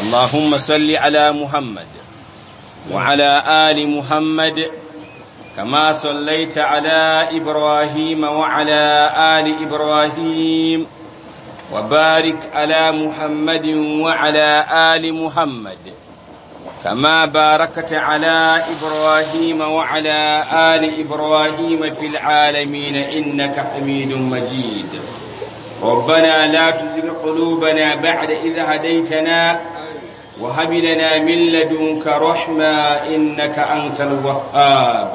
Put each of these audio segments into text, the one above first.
اللهم صل على محمد وعلى آل محمد كما صليت على إبراهيم وعلى آل إبراهيم وبارك على محمد وعلى آل محمد كما باركت على إبراهيم وعلى آل إبراهيم في العالمين إنك حميد مجيد ربنا لا تزغ قلوبنا بعد إذ هديتنا وهب لنا من لدنك رحمة إنك أنت الوهاب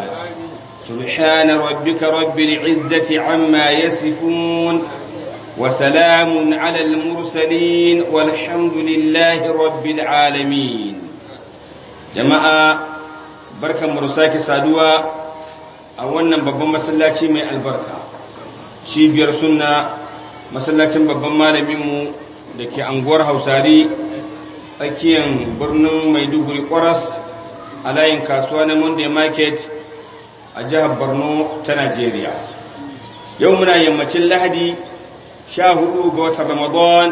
سبحان ربك رب العزة عما يصفون وسلام على المرسلين والحمد لله رب العالمين جماعة بركة مرساك سادوا أولا بابا مسلاتي من البركة شيبير سنة masallacin babban malaminmu da ke anguwar hausari tsakiyar birnin maiduguri kwaras a layin kasuwa na monday market a jihar borno ta nigeria yau muna yammacin lahadi sha hudu ga watan ramadan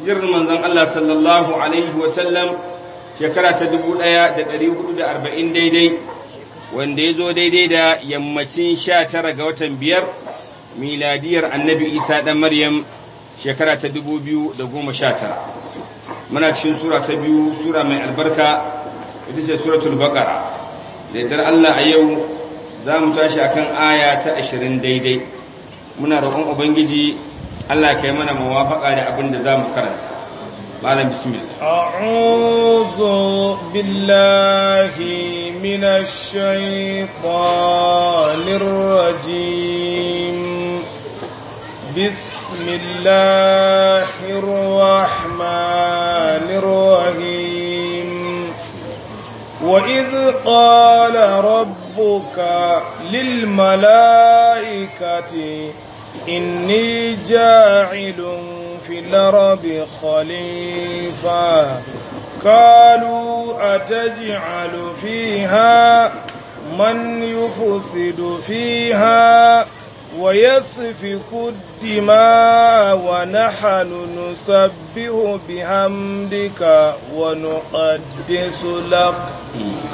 hijirar manzon allah sallallahu alaihi wasallam shekara ta dubu daya da dari hudu da arba'in daidai wanda ya zo daidai da yammacin sha tara ga watan biyar miladiyar annabi isa ɗan maryam shekara ta da goma sha tara. muna cikin sura ta biyu sura mai albarka ita ce suratul baqara da idan Allah a yau za mu tashi akan aya ta ashirin daidai muna roƙon ubangiji Allah ka kai mana mawafaka da abin da za mu karanta malam bismillah a'udhu billahi minash shaitanir rajim بسم الله الرحمن الرحيم وإذ قال ربك للملائكة إني جاعل في الأرض خليفة قالوا أتجعل فيها من يفسد فيها ويصفك الدماء ونحن نسبه بحمدك ونقدس لك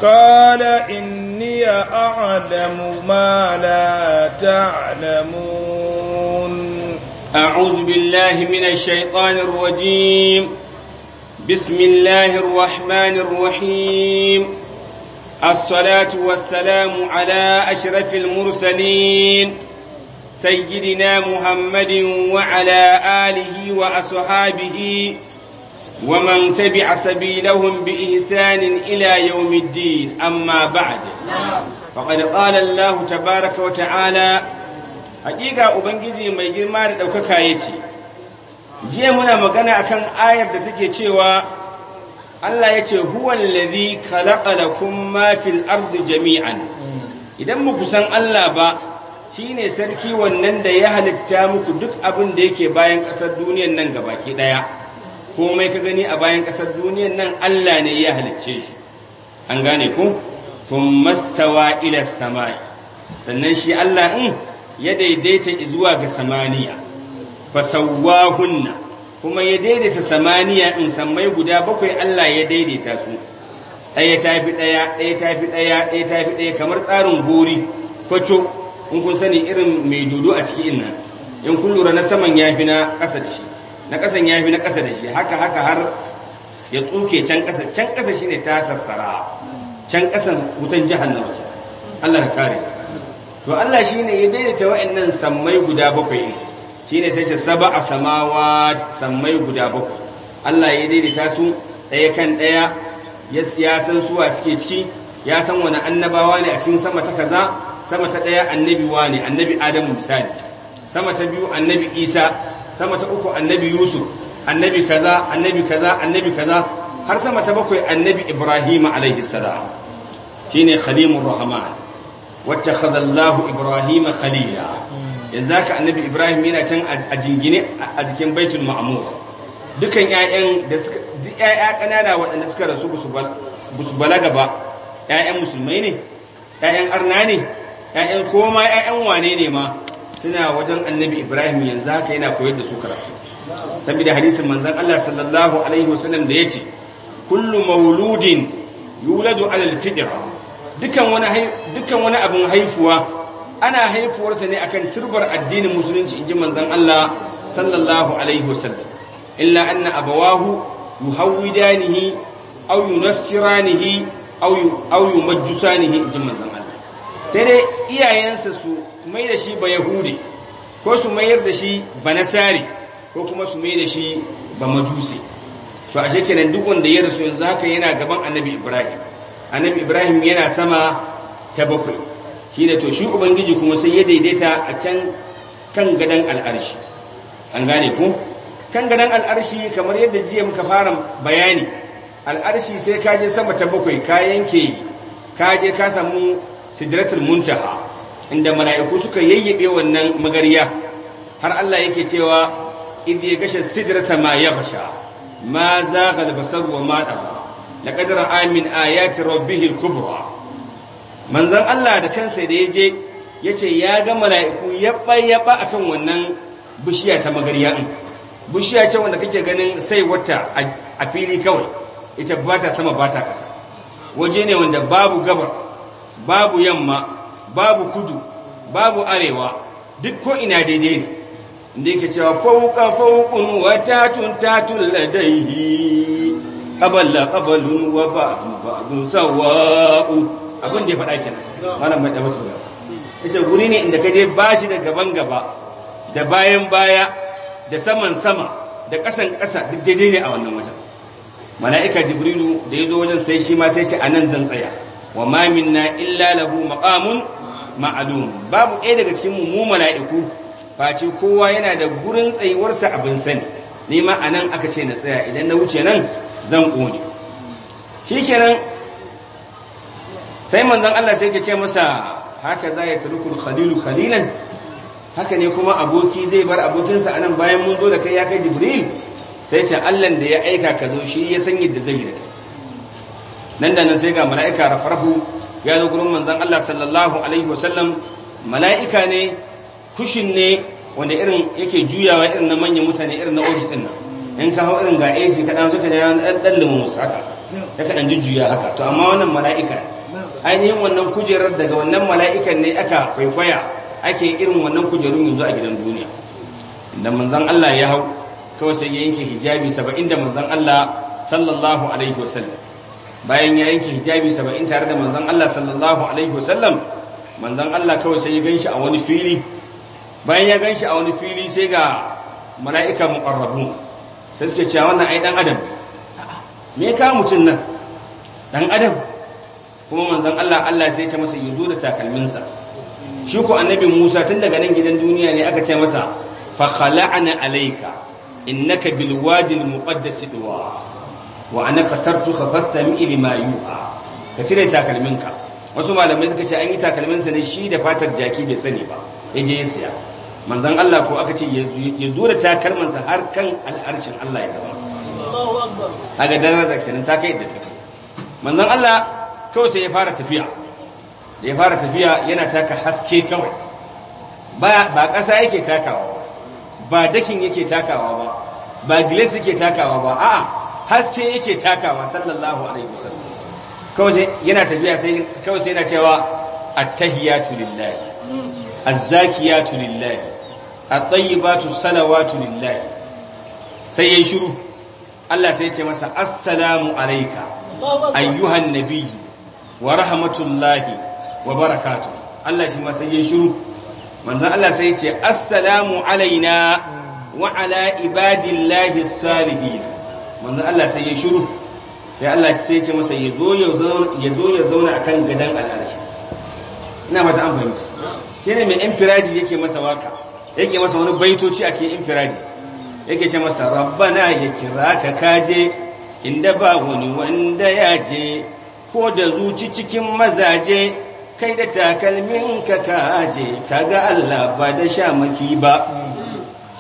قال إني أعلم ما لا تعلمون أعوذ بالله من الشيطان الرجيم بسم الله الرحمن الرحيم الصلاة والسلام على أشرف المرسلين سيدنا محمد وعلى آله وأصحابه ومن تبع سبيلهم بإحسان إلى يوم الدين أما بعد فقد قال الله تبارك وتعالى حقيقة أبنجزي ما يجرمار لو كايتي jiya muna magana akan ayar da take cewa Allah ya ce huwa alladhi khalaqa lakum ma fil ardi jami'an idan muku san Allah ba shi ne sarki wannan da ya halitta muku duk abin da yake bayan ƙasar duniyan nan gabaki ɗaya komai ka gani a bayan ƙasar duniyan nan Allah ne ya halicce shi an gane ku mastawa ila samai sannan shi Allah in ya daidaita zuwa ga samaniya fasawwahunna kuma ya daidaita samaniya in sammai guda bakwai Allah ya daidaita su ɗaya tafi ɗaya ɗaya tafi ɗaya ɗaya tafi ɗaya kamar tsarin gori kwaco in kun sani irin mai dodo a ciki nan in kun lura na saman yafi na ƙasa da shi na ƙasan yafi na ƙasa da shi haka haka har ya tsuke can ƙasa can ƙasa shine ta tattara can ƙasan wutan jahannama ke Allah ka kare to Allah shine ya daidaita wa'annan sammai guda bakwai shine sai ce sab'a samawat sammai guda bakwai Allah ya daidaita su ɗaya kan ɗaya ya san suwa suke ciki ya san wani annabawa ne a cikin sama ta kaza sama ta ɗaya annabi wane annabi adamu misali sama ta biyu annabi isa sama ta uku annabi yusuf annabi kaza annabi kaza annabi kaza har sama ta bakwai annabi ibrahim alaihi salam shine khalimur rahman wattakhadha allah ibrahim khalila yanzu haka annabi ibrahim yana can a jingine a jikin baitul ma'mur dukan ƴaƴan da suka ƴaƴa kanana waɗanda suka rasu busu balaga ba ƴaƴan musulmai ne ƴaƴan arna ne ƴaƴan koma ƴaƴan wane ne ma suna wajen annabi ibrahim yanzu haka yana koyar da su karatu saboda hadisin manzan Allah sallallahu alaihi wasallam da yace kullu mauludin yuladu ala alfitra dukan wani dukan wani abin haifuwa ana haifuwarsa ne akan turbar addinin musulunci inji manzan Allah sallallahu alaihi wasallam illa anna abawahu yuhawidanihi aw yunassiranihi aw aw sai dai iyayensa su mai da shi ba yahudi ko su mayar da shi ba nasari ko kuma su mai da shi ba majusi to a shekinan duk wanda ya rasu yanzu haka yana gaban annabi ibrahim annabi ibrahim yana sama ta bakwai shi da to shi ubangiji kuma sai ya daidaita a can kan gadon al'arshi an gane ku kan gadon al'arshi kamar yadda jiya muka fara bayani al'arshi sai ka je sama ta bakwai ka yanke ka je ka samu sidratul muntaha inda mala'iku suka yayyabe wannan magariya har Allah yake cewa idh yaghsha sidrata ma yaghsha ma zagha al-basar wa ma dafa laqad ra'a min ayati rabbihi al-kubra manzon Allah da kansa da yaje yace ya ga mala'iku yabba yabba akan wannan bishiya ta magariya din bishiya ce wanda kake ganin sai wata a fili kawai ita bata sama bata kasa waje ne wanda babu gabar babu yamma babu kudu babu arewa duk ko ina daidai ne inda yake cewa fauka faukun wa tatun tatun ladaihi qabala qabalun wa ba'du ba'dun sawa'u abin da ya faɗa kenan malam mai dawo tsaya ita guri ne inda kaje bashi da gaban gaba da bayan baya da saman sama da ƙasan ƙasa duk daidai ne a wannan wajen mala'ika jibrilu da ya zo wajen sai shi ma sai shi a nan zan tsaya wa ma minna illa lahu maqamun ma'lum babu ɗaya daga cikin mu mala'iku face kowa yana da gurin tsayuwarsa abin sani nema ma anan aka ce na tsaya idan na wuce nan zan ƙone shikenan sai manzon Allah sai ya ce masa haka za ya turku khalilu khalilan haka ne kuma aboki zai bar abokinsa anan bayan mun zo da kai ya kai jibril sai ce Allah da ya aika ka zo shi ya san yadda zai yi da kai nan da nan sai ga mala'ika rafrahu ya zo gurin manzan Allah sallallahu alaihi wasallam mala'ika ne kushin ne wanda irin yake juyawa irin na manyan mutane irin na ofis din nan in ka hau irin ga AC ka dan saka ɗan dan limu haka ya ka dan jujjuya haka to amma wannan mala'ika ainihin wannan kujerar daga wannan mala'ikan ne aka kwaikwaya ake irin wannan kujerun yanzu a gidan duniya da manzan Allah ya hau kawai sai ya yanke hijabi saba'in da manzan Allah sallallahu alaihi wasallam bayan ya yanke hijabi saba'in tare da manzon Allah sallallahu alaihi wasallam manzon Allah kawai sai ya ganshi a wani fili bayan ya ganshi a wani fili sai ga mala'ika muqarrabu sai suke cewa wannan ai dan adam me ka mutun nan dan adam kuma manzon Allah Allah sai ya ce masa yuzu da takalminsa shi ko annabi Musa tun daga nan gidan duniya ne aka ce masa fa khala'na alayka innaka bil wadi al muqaddas duwa wa ana fatartuka fastami lima yuha ka cire takalminka wasu malamai suka ce an yi takalminsa ne shi da fatar jaki bai sani ba ya je ya siya manzon Allah ko aka ce ya zura takalmansa har kan al'arshin Allah ya zama aga da kenan ta kai da ta manzan Allah kawai sai ya fara tafiya da ya fara tafiya yana taka haske kawai ba ƙasa yake takawa ba dakin yake takawa ba ba gilas yake takawa ba a'a haske yake takawa sallallahu alaihi wasallam kawai yana tafiya sai kawai sai yana cewa attahiyatu lillahi azzakiyatu lillahi at-tayyibatu salawatu lillahi sai yayin shiru Allah sai ya ce masa assalamu alayka ayyuhan nabiy wa rahmatullahi wa barakatuh Allah shi ma sai yayin shiru manzon Allah sai ya ce assalamu alaina wa ala ibadillahi salihin manzan Allah sai ya shiru sai Allah sai ya ce masa ya zo ya zauna a kan gadon al'arshi ina mata an fahimta shi ne mai infiraji yake masa waka yake masa wani baitoci a cikin infiraji yake ce masa rabbana ya kira ka kaje inda ba wani wanda ya je ko da zuci cikin mazaje kai da takalmin ka kaje ga Allah ba da sha maki ba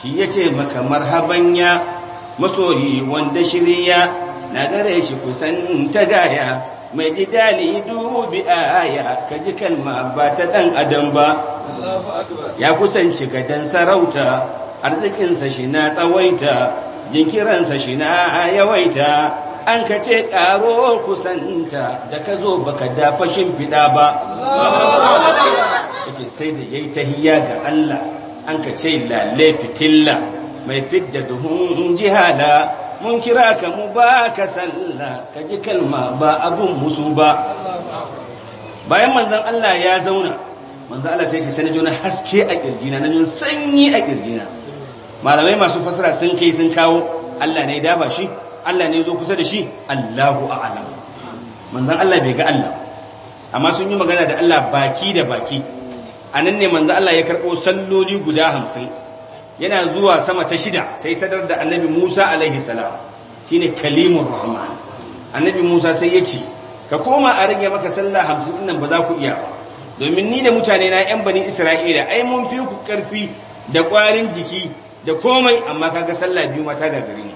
shi ya ce maka marhaban ya masoyi wanda shirya na gare shi kusan ta gaya mai ji dali dubi aya ka ji kalma ba ta ɗan adam ba ya kusanci gadon sarauta arzikinsa shi na tsawaita jinkiransa shi na yawaita an ka ce kusanta da ka zo ba ka dafa shimfiɗa ba ya ce sai da ya yi tahiya ga Allah an ka ce lalle fitilla mai fidda duhun jihada mun kira ka mu ba ka salla ka ji kalma ba abun musu ba bayan manzan Allah ya zauna manzan Allah sai shi sai na haske a kirjina na nun sanyi a kirjina malamai masu fasara sun kai sun kawo Allah ne dafa shi Allah ne zo kusa da shi Allahu a'lam manzan Allah bai ga Allah amma sun yi magana da Allah baki da baki anan ne manzan Allah ya karɓo salloli guda hamsin yana zuwa sama ta shida sai ta dar da annabi Musa alaihi salam shine kalimur rahman annabi Musa sai yace ka koma a rage maka sallah 50 nan ba za ku iya ba domin ni da mutane na yan bani Isra'ila ai mun fi ku karfi da kwarin jiki da komai amma kaga sallah biyu mata da gari ne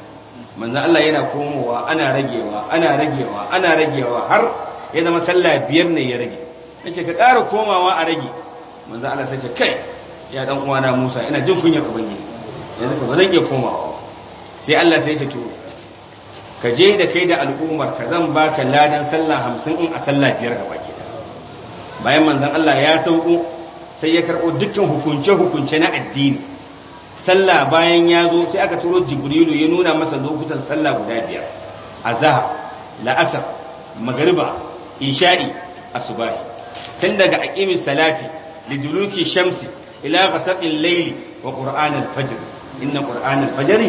manzo Allah yana komowa ana ragewa ana ragewa ana ragewa har ya zama sallah biyar ne ya rage nace ka ƙara komawa a rage manzo Allah sai ce kai ya dan uwana Musa ina jin kunyar ubangiji yanzu ba zan iya komawa sai Allah sai ya ce to ka je da kai da al'ummar ka zan baka ladan sallah 50 in a sallah biyar gaba ke bayan manzon Allah ya sauko sai ya karbo dukkan hukunce hukunce na addini sallah bayan ya zo sai aka turo Jibrilu ya nuna masa lokutan sallah guda biyar azhar la'asar magriba isha'i asubahi tun daga aqimis salati liduluki shamsi ila ghasaqil layli wa qur'an al-fajr inna qur'an al-fajr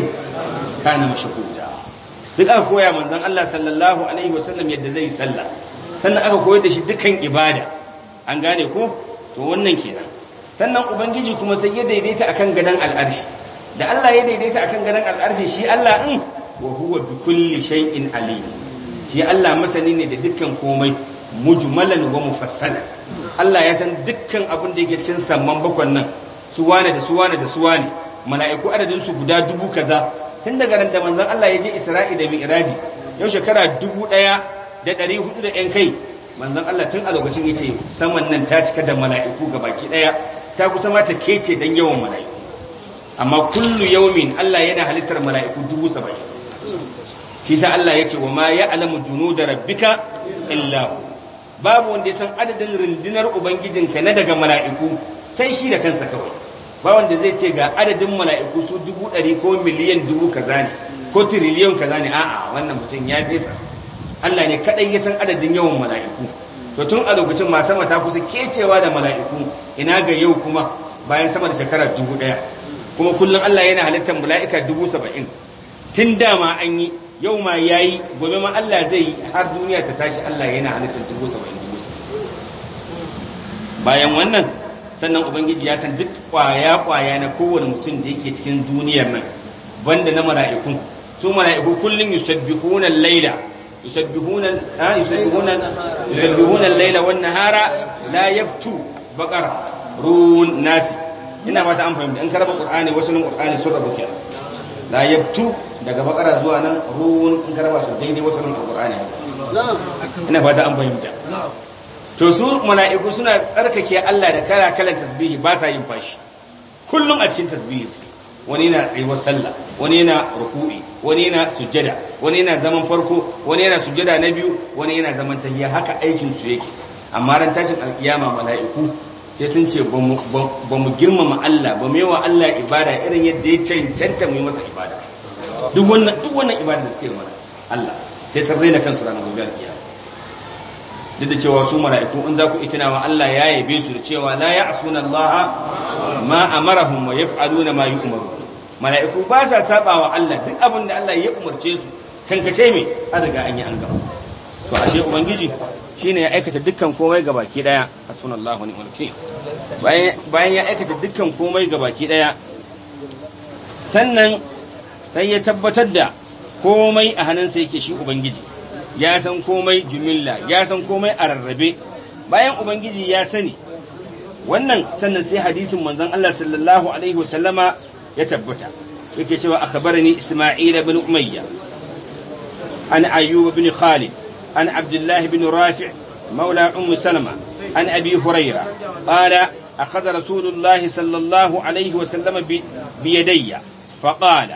kana mashhuda duk aka koya manzon Allah sallallahu alaihi wasallam yadda zai salla sannan aka koyar da shi dukkan ibada an gane ko to wannan kenan sannan ubangiji kuma sai ya daidaita akan gadan al'arshi da Allah ya daidaita akan gadan al'arshi shi Allah in wa huwa bi kulli shay'in alim shi Allah masani ne da dukkan komai mujmalan wa mufassala Allah ya san dukkan abin da yake cikin samman bakon nan su wane da su wane da su wane mala'iku adadin su guda dubu kaza tun daga ran da manzon Allah ya je Isra'i da Mi'raji yau shekara dubu ɗaya da ɗari hudu da ‘yan kai manzon Allah tun a lokacin ya saman nan ta cika da mala'iku ga baki ɗaya ta kusa ma ta kece dan yawan mala'iku amma kullu yaumin Allah yana halittar mala'iku dubu saba'in shi sa Allah ya ce wa ma ya alamu junu da rabbika illahu babu wanda ya san adadin rundunar ubangijinka na daga mala'iku sai shi da kansa kawai ba wanda zai ce ga adadin mala'iku su dubu ɗari ko miliyan dubu ka zane ko tiriliyon kaza a'a wannan mutum ya fesa Allah ne kaɗai ya san adadin yawan mala'iku to tun a lokacin ma sama ta kusa kecewa da mala'iku ina ga yau kuma bayan sama da shekara dubu ɗaya kuma kullum Allah yana halittar mala'ika dubu saba'in tun dama an yi yau ma ya yi gobe ma Allah zai yi har duniya ta tashi Allah yana halittar dubu saba'in dubu bayan wannan sannan ubangiji ya san duk kwaya kwaya na kowane mutum da yake cikin duniyar nan banda na mara'ikun su mara'iku kullum yusabbihuna al-laila yusabbihuna ah yusabbihuna yusabbihuna laila wan nahara la yaftu baqara run nasi ina fata an fahimta in karaba qur'ani wasu qur'ani sun rabu kenan la yabtu daga bakara zuwa nan ruwan in karaba su daidai wasu nan alqur'ani ina fata an fahimta to su mala'iku suna tsarkake Allah da kala kalan tasbihi ba sa yin fashi kullum a cikin tasbihi suke wani yana tsayuwar sallah wani yana ruku'i wani yana sujjada wani yana zaman farko wani yana sujjada na biyu wani yana zaman tahiyya haka aikin su yake amma ran tashin alkiyama mala'iku sai sun ce ba mu girmama Allah ba mu Allah ibada irin yadda ya cancanta mu yi masa ibada duk wannan duk wannan ibada da suke masa Allah sai sun raina kansu ranar gobe alƙiya duk da cewa su mala'iku in za ku wa Allah ya yabe su da cewa la ya'suna Allah ma amarahum wa yaf'aluna ma yu'maru mala'iku ba sa saba wa Allah duk abin da Allah ya umarce su kankace me an riga an yi an gaba to ashe ubangiji shine ya aikata dukkan komai ga baki daya a sunan ni'mal wakeel bayan bayan ya aikata dukkan komai ga baki daya sannan sai ya tabbatar da komai a hannunsa yake shi ubangiji ya san komai jumilla ya san komai a rarrabe bayan ubangiji ya sani wannan sannan sai hadisin manzon Allah sallallahu alaihi wasallama ya tabbata yake cewa akhbarani isma'il ibn umayya an ayyub ibn khalid عن عبد الله بن رافع مولى أم سلمة عن أبي هريرة قال أخذ رسول الله صلى الله عليه وسلم بيدي فقال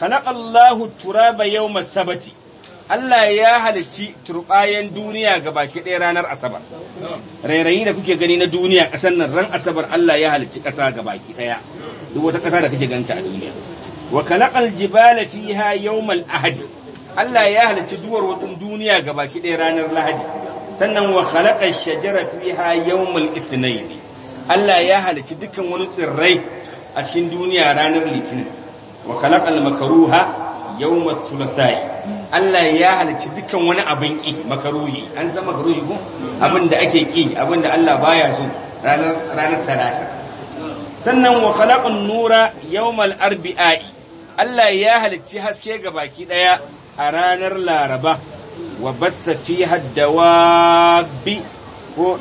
خلق الله التراب يوم السبت Allah ya halicci turbayan duniya ga baki ranar Asabar. Rairayi da kuke gani na duniya ƙasar ran Asabar Allah ya halicci ƙasa ga baki ɗaya. Duk wata ƙasa da kake ganta a duniya. Wa kalaqal ahadi. Allah ya halicci duwar wadin duniya ga baki ɗaya ranar Lahadi sannan wa khalaqa shajara fiha yawmul ithnain Allah ya halicci dukkan wani tsirrai a cikin duniya ranar Litinin wa khalaqa al-makruha yawmat thulatha'i Allah ya halicci dukkan wani abin ki makaruhi an zama makaruhi ko abin da ake ki abin da Allah baya so ranar ranar talata sannan wa khalaqan nura yawmal arbi'i Allah ya halicci haske ga baki ɗaya. a ranar laraba wa batsa fi haddawabi ko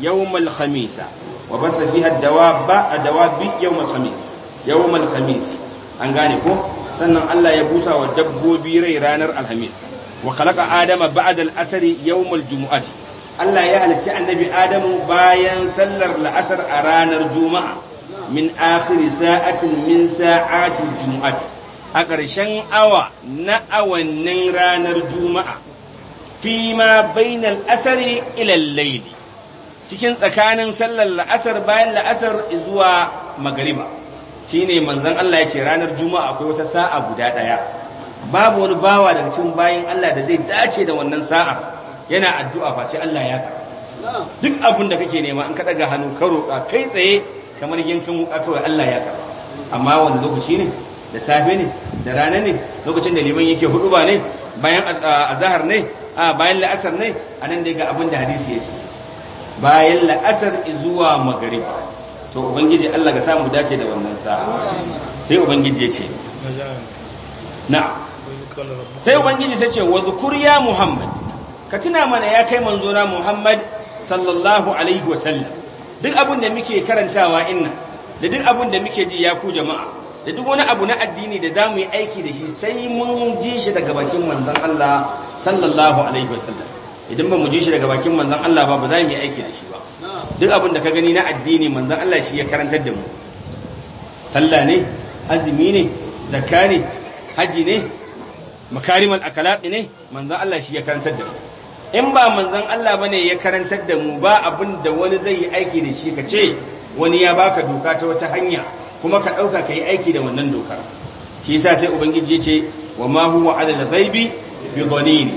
yawmal khamisa wa batsa fi haddawaba adawabi yawmal khamis yawmal khamis an gane ko sannan Allah ya busa wa dabbobi rai ranar alhamis wa khalaqa adama ba'da al-asri yawmal jumu'ati Allah ya halicci annabi Adamu bayan sallar la'asar a ranar juma'a min akhiri sa'atin min sa'atin jumu'ati a ƙarshen awa na awannin ranar juma'a fi ma bainal asari ilal laili cikin tsakanin sallar la'asar bayan la'asar zuwa magariba shi ne manzon Allah ya ce ranar juma'a akwai wata sa'a guda ɗaya babu wani bawa daga cikin bayan Allah da zai dace da wannan sa'a yana addu'a face Allah ya karɓa duk abin da kake nema an kaɗa ga hannu ka roƙa kai tsaye kamar yankin wuƙa kawai Allah ya karɓa amma wani lokaci ne da safe ne da rana ne lokacin da liman yake hudu ba ne bayan azahar ne a bayan la'asar ne a nan dai ga abin da hadisi ya ce bayan la'asar zuwa magarib to ubangiji Allah ga samu dace da wannan sa'a sai ubangiji ya ce na'am sai ubangiji sai ce wa zukur ya muhammad ka tuna mana ya kai manzona muhammad sallallahu alaihi wasallam duk abin da muke karantawa inna da duk abin da muke ji ya ku jama'a da duk wani abu na addini da za mu yi aiki da shi sai mun ji shi daga bakin manzon Allah sallallahu alaihi wasallam idan ba mu ji shi daga bakin manzon Allah ba ba za mu yi aiki da shi ba duk abin da ka gani na addini manzon Allah shi ya karantar da mu sallah ne azumi ne zakka ne haji ne makarimal akalaq ne manzon Allah shi ya karantar da mu in ba manzon Allah bane ya karantar da mu ba abin da wani zai yi aiki da shi ka ce wani ya baka doka ta wata hanya kuma ka ɗauka ka yi aiki da wannan dokar shi sa sai ubangiji ce wa ma huwa ala ghaibi bi dhanin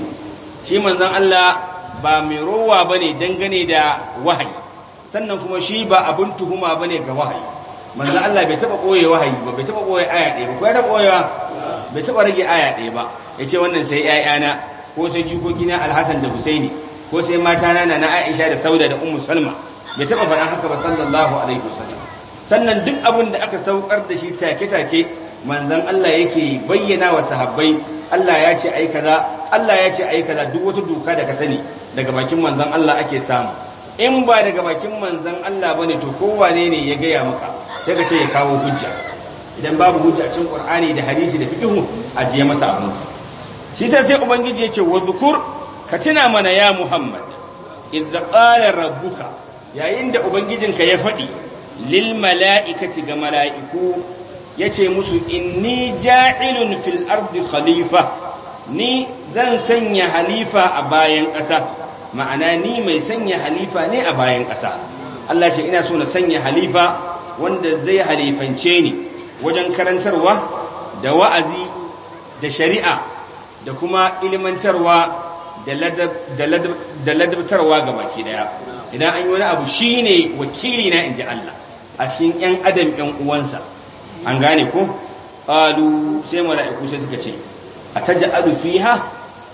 shi manzon Allah ba mai rowa bane dangane da wahayi sannan kuma shi ba abun tuhuma bane ga wahayi manzon Allah bai taba koye wahayi ba bai taba koye aya ɗaya ba ko ya taba koyewa bai taba rage aya ɗaya ba yace wannan sai ƴaƴana ko sai jikokina Al-Hasan da Husaini ko sai mata na na Aisha da Sauda da Ummu Salma bai taba faɗa haka ba sallallahu alaihi wasallam sannan duk abin da aka saukar da shi take-take manzan Allah yake bayyana wa sahabbai Allah ya ce ai kaza Allah ya ce kaza duk wata doka da ka sani daga bakin manzan Allah ake samu in ba daga bakin manzan Allah bane to kowane ne ya gaya maka sai ka ce ya kawo hujja idan babu hujja cin cikin Qur'ani da hadisi da fiqhu ajiye masa abin shi sai sai ubangiji ya ce wa dhukur ka tuna mana ya Muhammad idza qala rabbuka yayin da ubangijinka ya faɗi lil mala'ikati ga mala'iku yace musu inni ja'ilun fil ardi khalifa ni zan sanya halifa a bayan ƙasa ma'ana ni mai sanya halifa ne a bayan ƙasa Allah ce ina so na sanya halifa wanda zai halifance ni wajen karantarwa da wa'azi da shari'a da kuma ilimantarwa da ladabtarwa ga baki ɗaya idan an yi wani abu shi ne wakili na inji Allah a cikin ‘yan adam ‘yan uwansa an gane ko ƙalu sai mala'iku sai suka ce a ta ja'adu fiha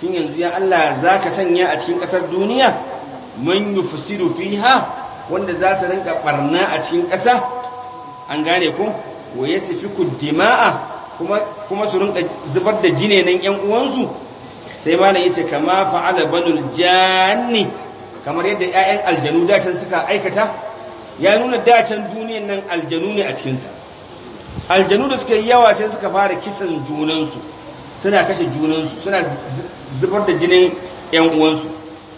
tun yanzu ya Allah za ka sanya a cikin ƙasar duniya mun yi fusiru ha wanda za su rinka ɓarna a cikin ƙasa an gane ko wa ya su fi ku kuma su rinka zubar da nan ‘yan uwansu sai ma ya ce kama fa'ala banul jani kamar yadda ‘ya'yan aljanu da suka aikata ya nuna dacen duniyan nan aljanu ne a cikinta aljanu da suka yi yawa sai suka fara kisan junansu suna kashe junansu suna zubar da jinin yan uwansu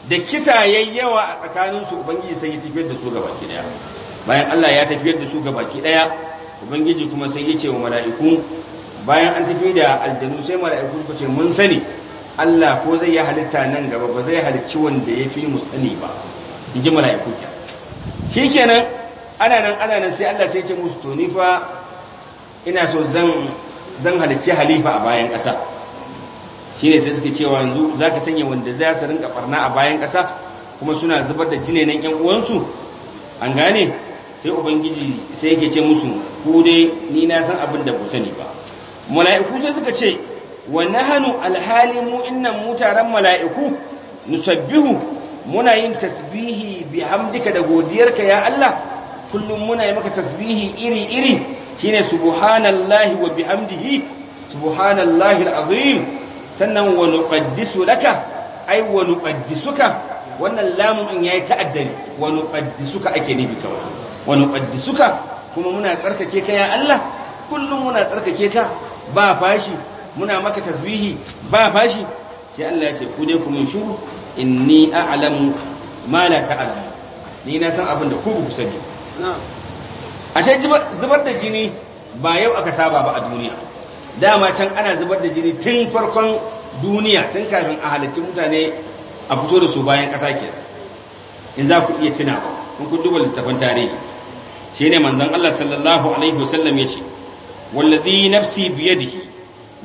da kisa yayi yawa a tsakaninsu ubangiji sai ya tafiyar da su ga baki daya bayan Allah ya tafiyar da su ga baki daya ubangiji kuma sai ya ce wa mala'iku bayan an tafi da aljanu sai mala'iku suka ce mun sani Allah ko zai ya halitta nan gaba ba zai halicci wanda ya fi mu sani ba in ji mala'iku kenan shikenan ana nan ana nan sai Allah sai ya ce musu to ni fa ina so zan zan halice halifa a bayan ƙasa shi ne sai suke cewa yanzu za ka sanya wanda za su rinka barna a bayan ƙasa kuma suna zubar da jinenan ‘yan uwansu an gane sai ubangiji sai yake ce musu ku dai ni na san abin da ku sani ba mala'iku sai suka ce wa nahanu alhali mu innan mu taron mala'iku nusabbihu muna yin tasbihi bihamdika da godiyarka ya Allah kullum muna yi maka tasbihi iri iri shine subhanallahi wa bihamdihi subhanallahi alazim sannan wa nuqaddisu laka ai wa nuqaddisuka wannan lamun in yayi ta'addari wa nuqaddisuka ake nufi kawai wa nuqaddisuka kuma muna tsarkake ka ya Allah kullum muna tsarkake ka ba fashi muna maka tasbihi ba fashi sai Allah ya ce ku dai ku mun shuru inni a'lamu ma la ta'lam ni na san abin da ku ku sani ashe zubar da jini ba yau aka saba ba a duniya dama can ana zubar da jini tun farkon duniya tun kafin a halitta mutane a fito da su bayan kasa ke in za ku iya tuna ba kun ku duba littafin tarihi shi ne manzon Allah sallallahu alaihi wasallam ya ce wallazi nafsi biyadihi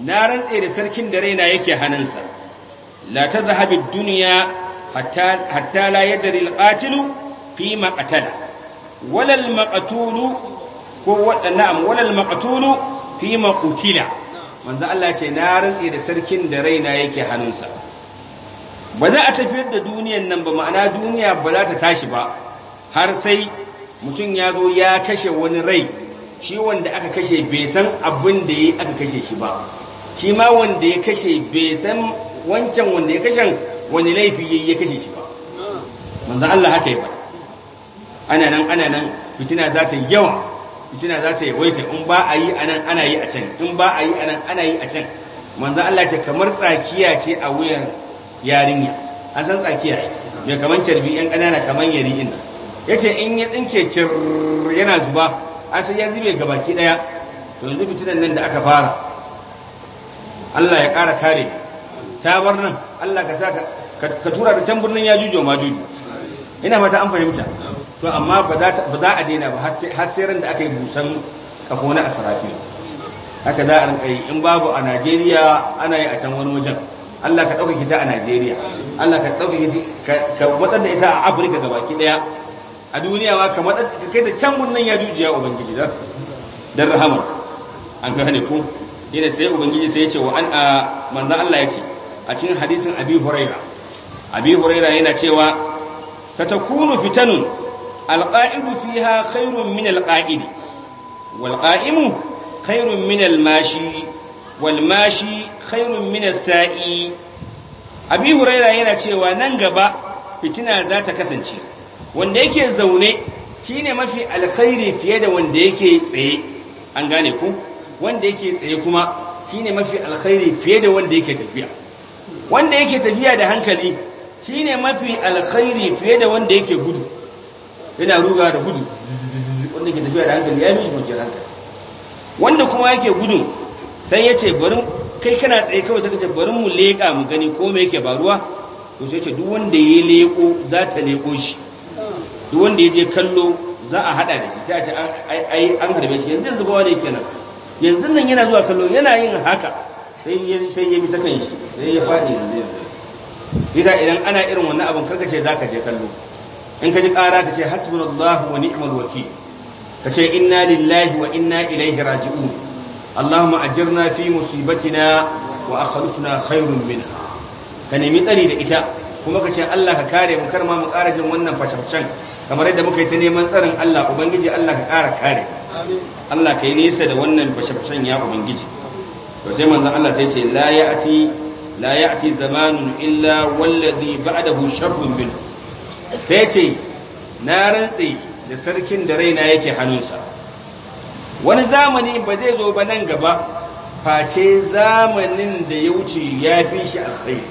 na rantse da sarkin da raina yake hannunsa la tadhhabu ad-dunya hatta la yadri al fi ma qatala wala al ko na'am wala al fi ma qutila manzo Allah ce na rantsi da sarkin da raina yake hannunsa ba za a tafiyar da duniyan nan ba ma'ana duniya ba za ta tashi ba har sai mutum ya zo ya kashe wani rai shi wanda aka kashe bai san abin da ya aka kashe shi ba shi ma wanda ya kashe bai san wancan wanda ya kashe wani laifi yayi ya kashe shi ba manzon Allah haka yi ba ana nan ana nan fitina za ta yi yawa fitina za ta yi waita in ba a yi anan ana yi a can in ba a yi anan ana yi a can manzon Allah ce kamar tsakiya ce a wuyan yarinya an san tsakiya ya kaman carbi yan ƙanana kaman yari Ya yace in ya tsinke cir yana zuba an san ya zube baki daya to yanzu fitinan nan da aka fara Allah ya ƙara kare ta bar nan Allah ka sa ka tura da can birnin ya jujo ma juju ina mata an fahimta to amma ba za a daina ba har sai ran da aka yi busan kafo na asarafi haka za a rinka yi in babu a Najeriya ana yi a can wani wajen Allah ka ɗaukake ta a Najeriya Allah ka ɗaukake ka watsar da ita a Afirka gabaki ɗaya a duniya ma ka watsar kai ta can wannan ya jujiya ubangiji da dan rahama an gane ku yana sai ubangiji sai ya ce wa an manzon Allah ya ce a cikin hadisin abi huraira abi huraira yana cewa satakunu fitanun alqa'idu fiha khairun min alqa'idi wal khairun min almashi walmashi khairun min sai abi huraira yana cewa nan gaba fitina za ta kasance wanda yake zaune shine mafi alkhairi fiye da wanda yake tsaye an gane ku wanda yake tsaye kuma shine mafi alkhairi fiye da wanda yake tafiya wanda yake tafiya da hankali shine mafi alkhairi fiye da wanda yake gudu yana ruga da gudu wanda yake tafiya da hankali ya mishi kwanciyar hankali wanda kuma yake gudu sai ya ce bari kai kana tsaye kawai sai ka ce bari mu leƙa mu gani ko me yake baruwa to sai ce duk wanda ya leƙo za ta leƙo shi duk wanda ya je kallo za a haɗa da shi sai a ce an harbe shi yanzu yanzu ba wani kenan yanzu nan yana zuwa kallo yana yin haka sai ya sai ta kan shi sai ya fadi yanzu yanzu idan ana irin wannan abin karka ce za ka je kallo in ka ji ƙara ka ce hasbunallahu wa ni'mal wakil ka ce inna lillahi wa inna ilaihi raji'un allahumma ajirna fi musibatina wa akhlifna khairun minha ka nemi tsari da ita kuma ka ce Allah ka kare mu kar ma mu ƙara jin wannan fashafcan kamar yadda muka yi ta neman tsarin Allah ubangiji Allah ka ƙara kare Allah ka yi nesa da wannan fashafcan ya ubangiji to sai manzon Allah sai ce la ya'ti la ya'ti zamanu illa wallazi ba'dahu sharrun min sai ce na rantsi da sarkin da raina yake hannunsa wani zamani ba zai zo ba nan gaba face zamanin da ya wuce ya fi shi alkhairi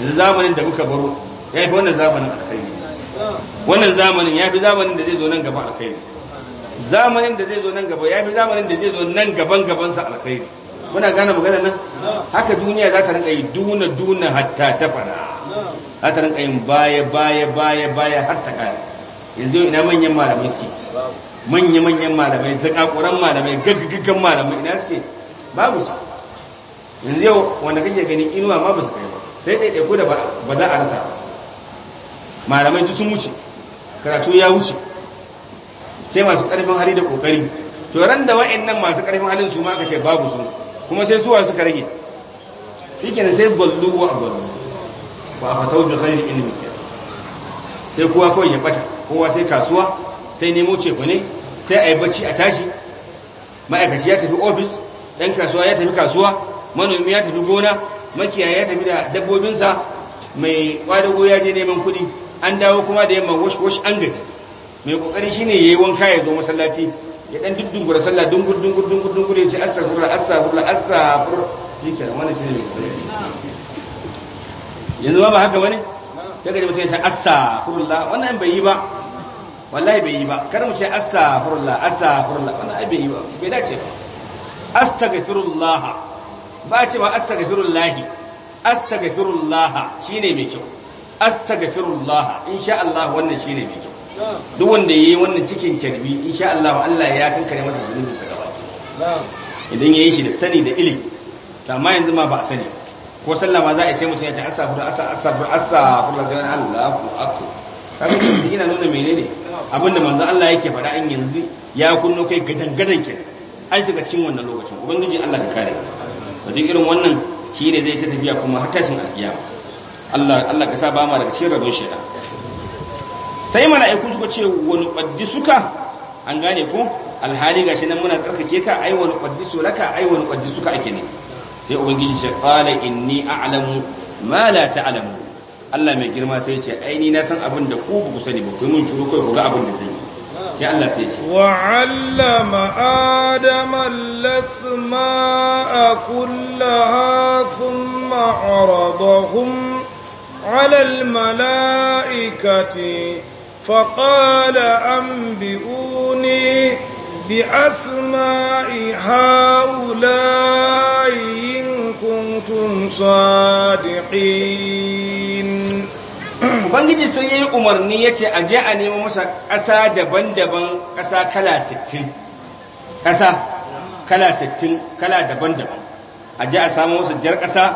yanzu zamanin da muka baro ya fi wannan zamanin alkhairi wannan zamanin ya fi zamanin da zai zo nan gaba alkhairi zamanin da zai zo nan gaba ya fi zamanin da zai zo nan gaban gabansa alkhairi muna gane magana nan haka duniya za ta rinka yi duna duna hatta ta fara za ta rinka yin baya baya baya baya har ta kare yanzu ina manyan malamai suke manya manyan malamai zakakuran malamai gaggagaggan malamai ina suke babu su yanzu yau wanda kake gani inuwa ma ba su kai ba sai ɗaiɗaiku da ba za a rasa malamai duk sun wuce karatu ya wuce sai masu ƙarfin hali da ƙoƙari to ran da wa'annan masu ƙarfin halin su ma aka ce babu su kuma sai suwa suka rage yake ne sai gwallo wa gwallo ba a fatau hanyar ilimin ke sai kowa kawai ya bata kowa sai kasuwa sai nemo cefa ne sai a yi bacci a tashi ma'aikaci ya tafi ofis ɗan kasuwa ya tafi kasuwa manomi ya tafi gona makiyaya ya tafi da dabbobinsa mai kwadago ya je neman kuɗi an dawo kuma da yamma wash wash an gaji mai kokari shine yi wanka ya zo masallaci ya dan dudungura sallah dungur dungur dungur dungur ya ce astaghfirullah astaghfirullah astaghfir yake da wannan shine yanzu ba haka bane kaga mutum ya ce astaghfirullah wannan bai yi ba wallahi bai yi ba kar mu ce astaghfirullah astaghfirullah wannan bai yi ba bai dace ba astaghfirullah ba ce ba astaghfirullah astaghfirullah shine mai kyau astaghfirullah insha Allah wannan shine mai kyau duk wanda ya yi wannan cikin in insha Allah Allah ya kankare masa zunubin sa gaba idan ya yi shi da sani da ilimi to amma yanzu ma ba a sani ko sallah ma za a yi sai mutum ya ce astaghfir astaghfir astaghfir sai Allahu akbar kaga shi yana nuna menene abinda manzo Allah yake faɗa an yanzu ya kunno kai gadan gadan kenan an shiga cikin wannan lokacin ubangiji Allah ka kare to duk irin wannan shine zai ta tafiya kuma har tashin alkiyama Allah Allah ka sa ba ma daga cikin rabon shaitan sai mala'iku suka ce wani ƙwaddi suka an gane ko alhali gashi nan muna tsarkake ka ai wani ƙwaddi su laka ai wani ƙwaddi suka ake ne sai ubangiji ce qala inni a'lamu ma la ta'lamu Allah mai girma sai ya ce ai ni na san abin da ku ba ku sani ba ku mun shiru kai ku ga abin da zai sai Allah sai ya ce wa 'allama adama al-asma'a kullaha thumma 'aradahum 'ala al-mala'ikati فقال أنبئوني بأسماء هؤلاء إن كنتم صادقين Ubangiji sun yi umarni ya ce a je a nemo masa ƙasa daban-daban ƙasa kala sittin, ƙasa kala sittin kala daban-daban a je a samu wasu jar ƙasa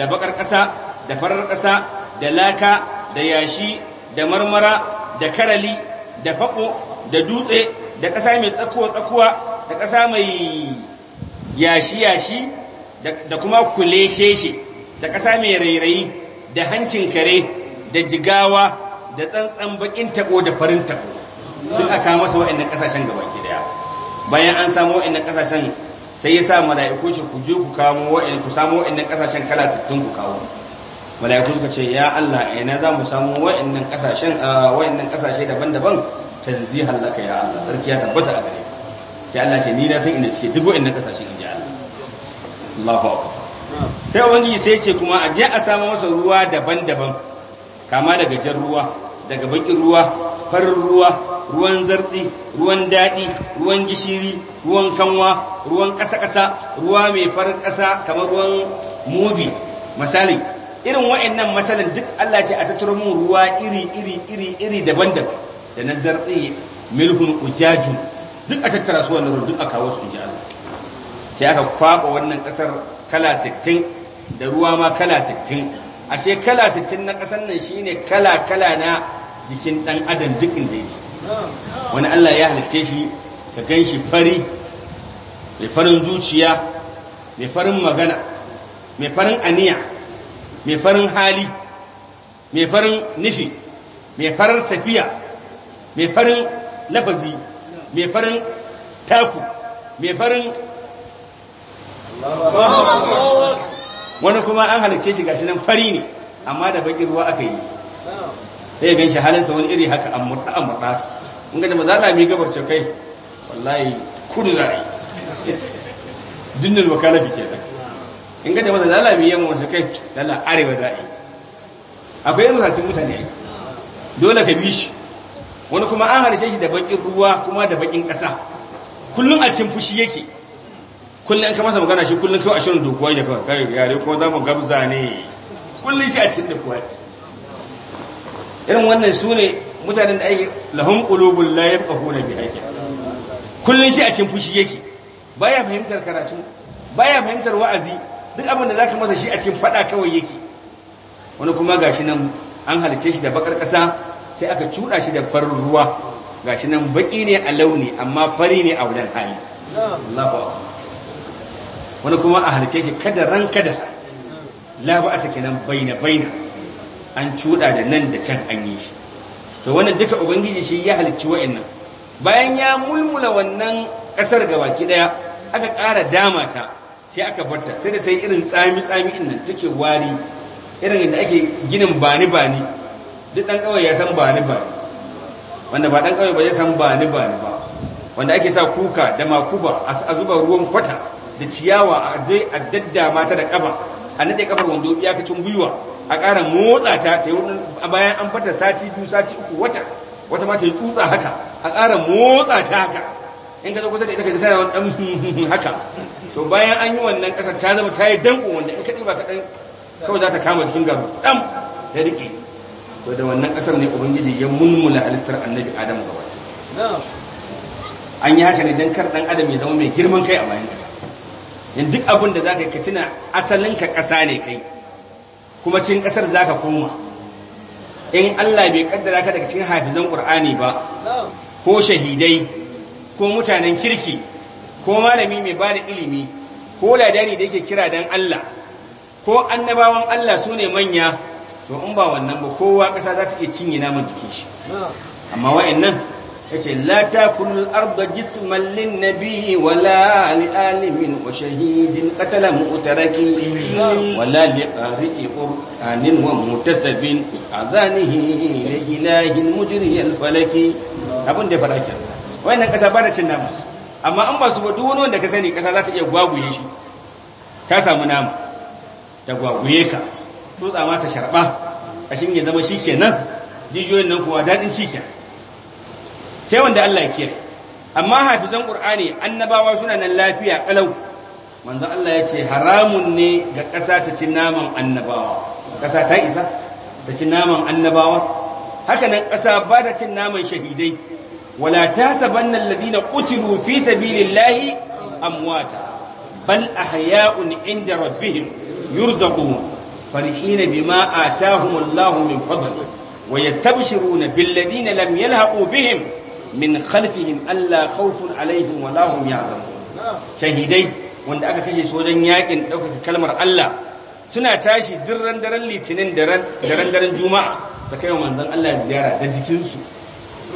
da baƙar ƙasa da farar ƙasa da laka da yashi da marmara da karali da fako da dutse da ƙasa mai tsakuwa-tsakuwa da ƙasa mai yashi-yashi da kuma kulesheshe da ƙasa mai rairayi da hancin kare da jigawa da tsantsan bakin tako da farin tako duk aka masa wa'annan ƙasashen gabaki daya bayan an samu wa'annan ƙasashen sai ya sa mala'iku ku je ku kamo wa'annan ku samu wa'annan ƙasashen kala 60 ku kawo mala'iku suka ce ya Allah a ina za mu samu wa'annan kasashen wa'annan kasashe daban-daban tanzihan laka ya Allah sarki ya tabbata a gare sai Allah ce ni na san ina suke duk wa'annan kasashen inji Allah Allahu akbar sai wani sai ce kuma a je a samu masa ruwa daban-daban kama daga jar ruwa daga bakin ruwa farin ruwa ruwan zarti ruwan daɗi ruwan gishiri ruwan kanwa ruwan ƙasa-ƙasa ruwa mai farin ƙasa kamar ruwan mubi misali irin wa'annan masalan duk Allah ce a tattaro mun ruwa iri iri iri iri daban-daban da na zarɗi milhun ujajun duk a tattara su wannan duk a kawo su ji Allah sai aka faɓa wannan ƙasar kala 60 da ruwa ma kala 60 ashe kala 60 na ƙasar nan shine kala kala na jikin ɗan adam duk inda yake wani Allah ya halicce shi ka gan shi fari mai farin zuciya mai farin magana mai farin aniya mai farin hali mai farin nishi mai farar tafiya mai farin lafazi mai farin taku mai farin wani kuma an halicce shi gashi nan fari ne amma da bakin ruwa aka yi sai gan shi halinsa wani iri haka an murɗa an murɗa in gaji maza na mi gabar cokai? kai wallahi kudu za a yi dindin wakala ke zaka in ka masa lala mi yamma wasu kai lala arewa za a yi akwai yin masacin mutane dole ka bi shi wani kuma an harshe shi da bakin ruwa kuma da bakin ƙasa kullum a cikin fushi yake kullum an ka masa magana shi kullum kawai shirin dokuwa da kawai kare yare ko za mu gabza ne kullum shi a cikin dokuwa irin wannan su ne mutanen da ake lahun ƙulubun la yabqa huna bi aiki kullum shi a cikin fushi yake baya fahimtar karatu baya fahimtar wa'azi duk abin da za ka masa shi a cikin faɗa kawai yake wani kuma ga shi nan an halice shi da bakar ƙasa sai aka cuɗa shi da farin ruwa Ga shi nan baƙi ne a launi amma fari ne a wajen hali wani kuma a halice shi kada ran kada labu a sake kenan baina baina an cuɗa da nan da can an yi shi to wannan duka ubangiji shi ya halicci wa'annan bayan ya mulmula wannan ƙasar gabaki ɗaya aka ƙara dama ta sai aka barta sai da ta yi irin tsami-tsami in nan take wari irin da ake ginin bani-bani duk ɗan kawai ya san bani-bani wanda ba ɗan kawai ba ya san bani-bani ba wanda ake sa kuka da makuba a zuba ruwan kwata da ciyawa a je a daddama ta da ƙaba, a naɗe ƙafar wando cin gwiwa a ƙara motsa ta ta yi bayan an fata sati biyu sati uku wata wata ma ta yi tsutsa haka a ƙara motsa ta haka in ka zo kusa da ita ka ji tana wani haka to bayan an yi wannan kasar ta zama ta yi danƙo wanda in kaɗi ba kaɗan kawai za ta kama cikin gaba ɗan ta riƙe to da wannan ƙasar ne ubangiji ya mulmula halittar annabi adam gaba an yi haka ne don kar ɗan adam ya zama mai girman kai a bayan ƙasa in duk abin da za ka yi ka tuna asalin ka ƙasa ne kai kuma cikin ƙasar za ka koma in allah bai kaddara ka daga cikin hafizan ƙur'ani ba ko shahidai ko mutanen kirki ko malami mai ba da ilimi ko ladani da yake kira dan Allah ko annabawan Allah su ne manya to in ba wannan ba kowa ƙasa za ta iya cinye naman jikin shi amma wa'annan ya ce la ta kulul arda jisman lin nabi wala li alimin wa shahidin qatala mu'taraki wala li qari'i qur'anin wa mutasabin azanihi li ilahin mujri al falaki abun da fara kenan wa'annan ƙasa ba da cin naman amma an ba su ba duk wanda ka sani kasa za ta iya gwaguye shi ta samu nama ta gwaguye ka tutsa ma ta sharba shi ya zama shikenan jijiyoyin nan kuwa daɗin cikin sai wanda Allah ya kiyaye amma hafizan qur'ani annabawa suna nan lafiya kalau manzo Allah ya ce haramun ne ga ƙasa ta ci naman annabawa ƙasa ta isa ta ci naman annabawa haka nan ƙasa ba ta cin naman shahidai wala tasabanna alladhina qutilu fi sabilillahi amwata bal ahya'un inda rabbihim yurzaqun farihina bima atahumullahu min fadli wa yastabshiruna billadhina lam yalhaqu bihim min khalfihim alla khawfun alaihim wa lahum yahzanun shahidai wanda aka kashe su wajen yakin ɗaukaka kalmar Allah suna tashi duk daren litinin da daren juma'a sakai manzon Allah ziyara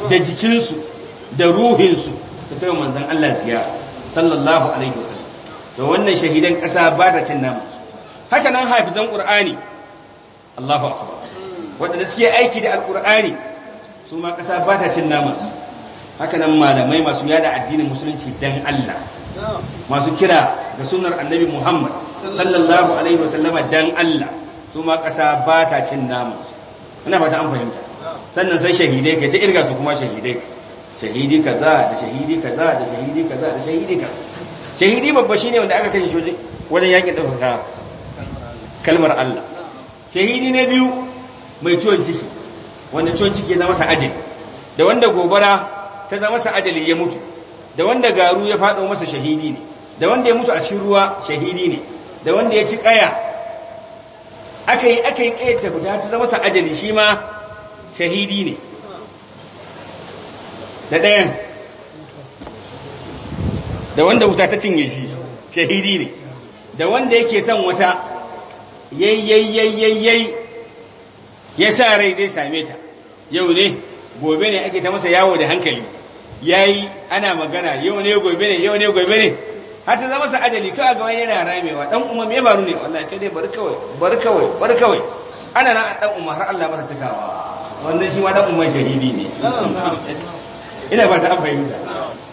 da jikinsu da ruhinsu su kai manzan Allah ziyara sallallahu alaihi wa sallam to wannan shahidan ƙasa ba da cin nama haka nan hafizan qur'ani Allahu akbar waɗanda suke aiki da alqur'ani su ma ƙasa ba ta cin nama haka nan malamai masu yada addinin musulunci dan Allah masu kira ga sunnar annabi Muhammad sallallahu alaihi wa wasallama dan Allah su ma ƙasa ba ta cin nama ina fata an fahimta sannan sai shahidai kai ta irga su kuma shahidai shahidi kaza da shahidi kaza da shahidi kaza da shahidi kaza shahidi babba shine wanda aka kashe shi wajen yakin kara kalmar Allah shahidi ne biyu mai ciwon ciki wanda ciwon ciki ya zama sa ajali da wanda gobara ta zama sa ajali ya mutu da wanda garu ya fado masa shahidi ne da wanda ya mutu a cikin ruwa shahidi ne da wanda ya ci kaya aka yi aka yi ta guda ta zama sa ajali shi ma shahidi ne da ɗayan da wanda wuta ta cinye shi shahidi ne da wanda yake son wata yayyayyayyayyai ya sa rai zai same ta yau ne gobe ne ake ta masa yawo da hankali yayi ana magana yau ne gobe ne yau ne gobe ne har ta zama sa ajali to a gaban yana ramewa dan umar me baro ne wallahi kai dai bar kawai bar kawai bar kawai ana nan dan umar har Allah masa cikawa wannan shi ma dan umar shahidi ne ina ba ta fahimta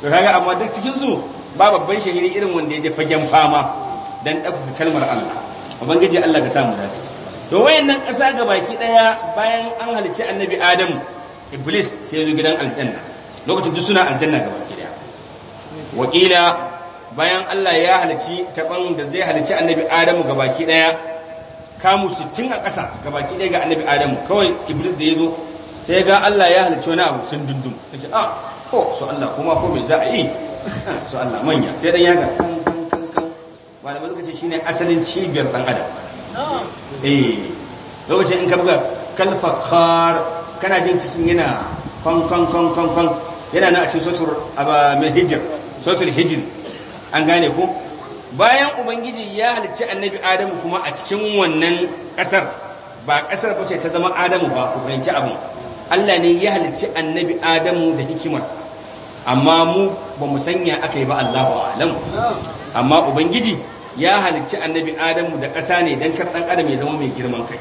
to kaga amma duk cikin su ba babban shahiri irin wanda ya je fagen fama dan dafa kalmar Allah ubangiji Allah ka samu dace to wayannan ƙasa ga baki daya bayan an halicci annabi Adam iblis sai ya zo gidan aljanna lokacin duk suna aljanna ga baki daya wakila bayan Allah ya halicci taban da zai halicci annabi Adam ga baki daya kamu 60 a ƙasa ga baki daya ga annabi Adam kawai iblis da ya zo sai ga Allah ya halicci wani abu sun dundun yace a ah, ko su Allah kuma ko me za a yi su Allah manya sai dan yaga kan kan kan kan malamai suka ce shine asalin cibiyar dan adam eh lokacin in ka buga fakhar kana jin cikin yana kan kan kan kan kan yana na a cikin sotur aba mai hijr sotur hijr an gane ko bayan ubangiji ya halicci annabi adamu kuma a cikin wannan kasar ba kasar bace ta zama adamu ba ku fahimci abin Allah ne ya halicci annabi Adamu da hikimarsa amma mu ba mu sanya aka yi ba Allahu alamu amma ubangiji ya halicci annabi Adamu da ƙasa ne don kar adam ya zama mai girman kai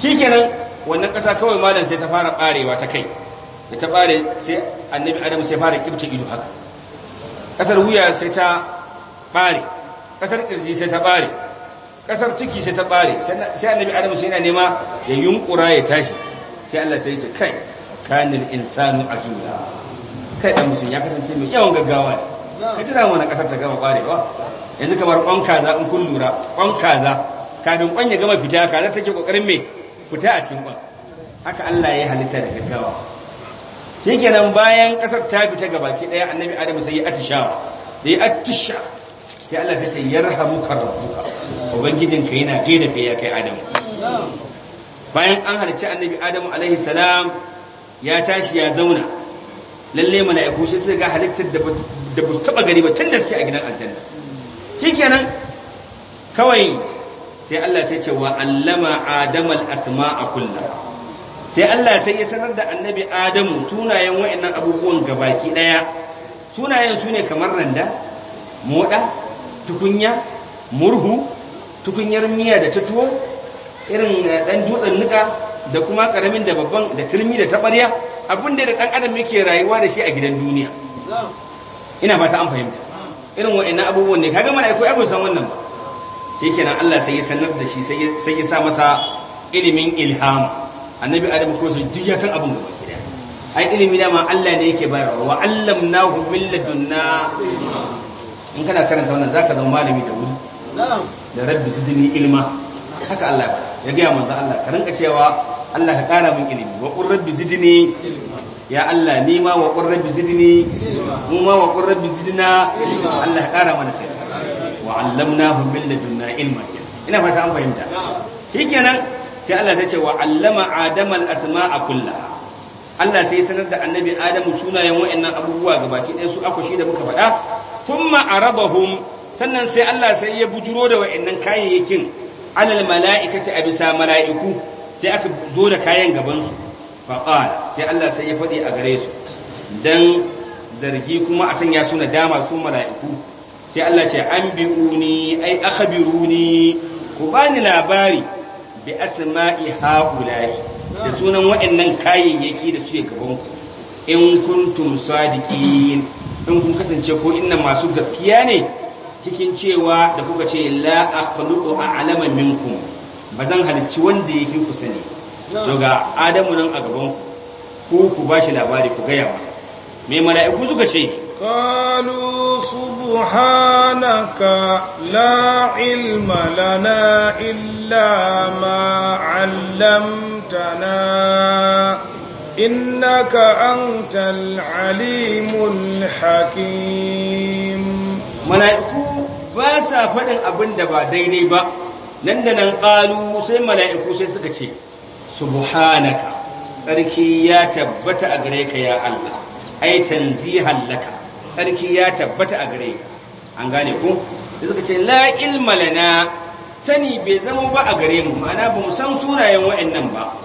kenan wannan ƙasa kawai malam sai ta fara ɓarewa ta kai da ta ɓare sai annabi Adamu sai fara ƙibce ido haka ƙasar wuya sai ta ɓare ƙasar kirji sai ta ɓare ƙasar ciki sai ta ɓare sai annabi Adamu sai yana nema ya yunƙura ya tashi sai Allah sai ce kai kanil insanu ajula kai dan mutum ya kasance mai yawan gaggawa ne kai tana mana kasar ta gama kwarewa yanzu kamar kon kaza in kun lura kon kaza kafin kon ya gama fita kaza take kokarin me fita a cikin kon haka Allah ya halitta da gaggawa shikenan bayan kasar ta fita gaba ki daya annabi Adamu sai ya atishawa ya atisha sai Allah sai ce yarhamuka rabbuka ubangijinka yana gaida kai ya kai Adamu bayan an halicci annabi adamu alaihi salam ya tashi ya zauna lalle mala'iku shi suka ga halittar da ba su taba gani ba tun da suke a gidan aljanna kenan kawai sai Allah sai ce wa allama adamal asma'a kulla, sai Allah sai ya sanar da annabi Adamu sunayen wa'annan abubuwan gabaki daya sunayen su ne kamar randa moɗa, tukunya murhu tukunyar miya da ta tuwo irin eh, ɗan dutsen nuka da kuma ƙaramin da babban da turmi da taɓarya abin da ɗan adam yake rayuwa da shi a gidan duniya ina fata an fahimta irin wa'ina abubuwan ne kaga mala'iku ai bin san wannan ba sai kenan Allah sai ya sanar da shi sai ya sa masa ilimin ilhama annabi adam ko sai duk ya san abin gaba ki ai ilimi da ma Allah ne yake bayarwa wa allamnahu min ladunna in kana karanta wannan zaka zama malami da wuri da rabbi zidni ilma haka Allah ya ya gaya manzo Allah ka rinka cewa Allah ka kara min ilimi wa qur rabbi zidni ya Allah ni ma wa qur rabbi zidni mu ma wa qur rabbi zidna Allah ka kara mana sai wa allamnahu min ladunna ilma ina fata an fahimta shikenan sai Allah sai ce wa allama adama al-asma'a kullaha Allah sai sanar da annabi Adamu sunayen wa'annan abubuwa gabaki ɗaya su akwashi da muka faɗa thumma arabahum sannan sai Allah sai ya bujuro da wa'annan kayayyakin alal mala'ikati a bisa mala'iku sai aka zo da kayan gabansu faƙal sai Allah sai ya faɗi a gare su Dan zargi kuma a sanya su na dama su mala'iku sai Allah ce an bi'uni ai akhbiruni ku bani labari bi asma'i haula'i da sunan waɗannan kayayyaki da suke gaban ku in kuntum sadiqin in kun kasance ko inna masu gaskiya ne cikin cewa da kuka ce la akhluqu a'lama minkum zan halicci wanda yake ku sani daga adamu nan a gaban ku ku shi labari ku gaya masa me mala'iku suka ce qalu subhanaka la ilma lana illa ma 'allamtana innaka antal alimul hakim mala'iku ba sa faɗin abin da ba daidai ba nan da nan ƙalu sai mala'iku sai suka ce subhanaka tsarki ya tabbata a gare ka ya Allah ai tanzihan laka tsarki ya tabbata a gare ka an gane ku da suka ce la malana sani bai zama ba a gare mu ma'ana ba mu san sunayen nan ba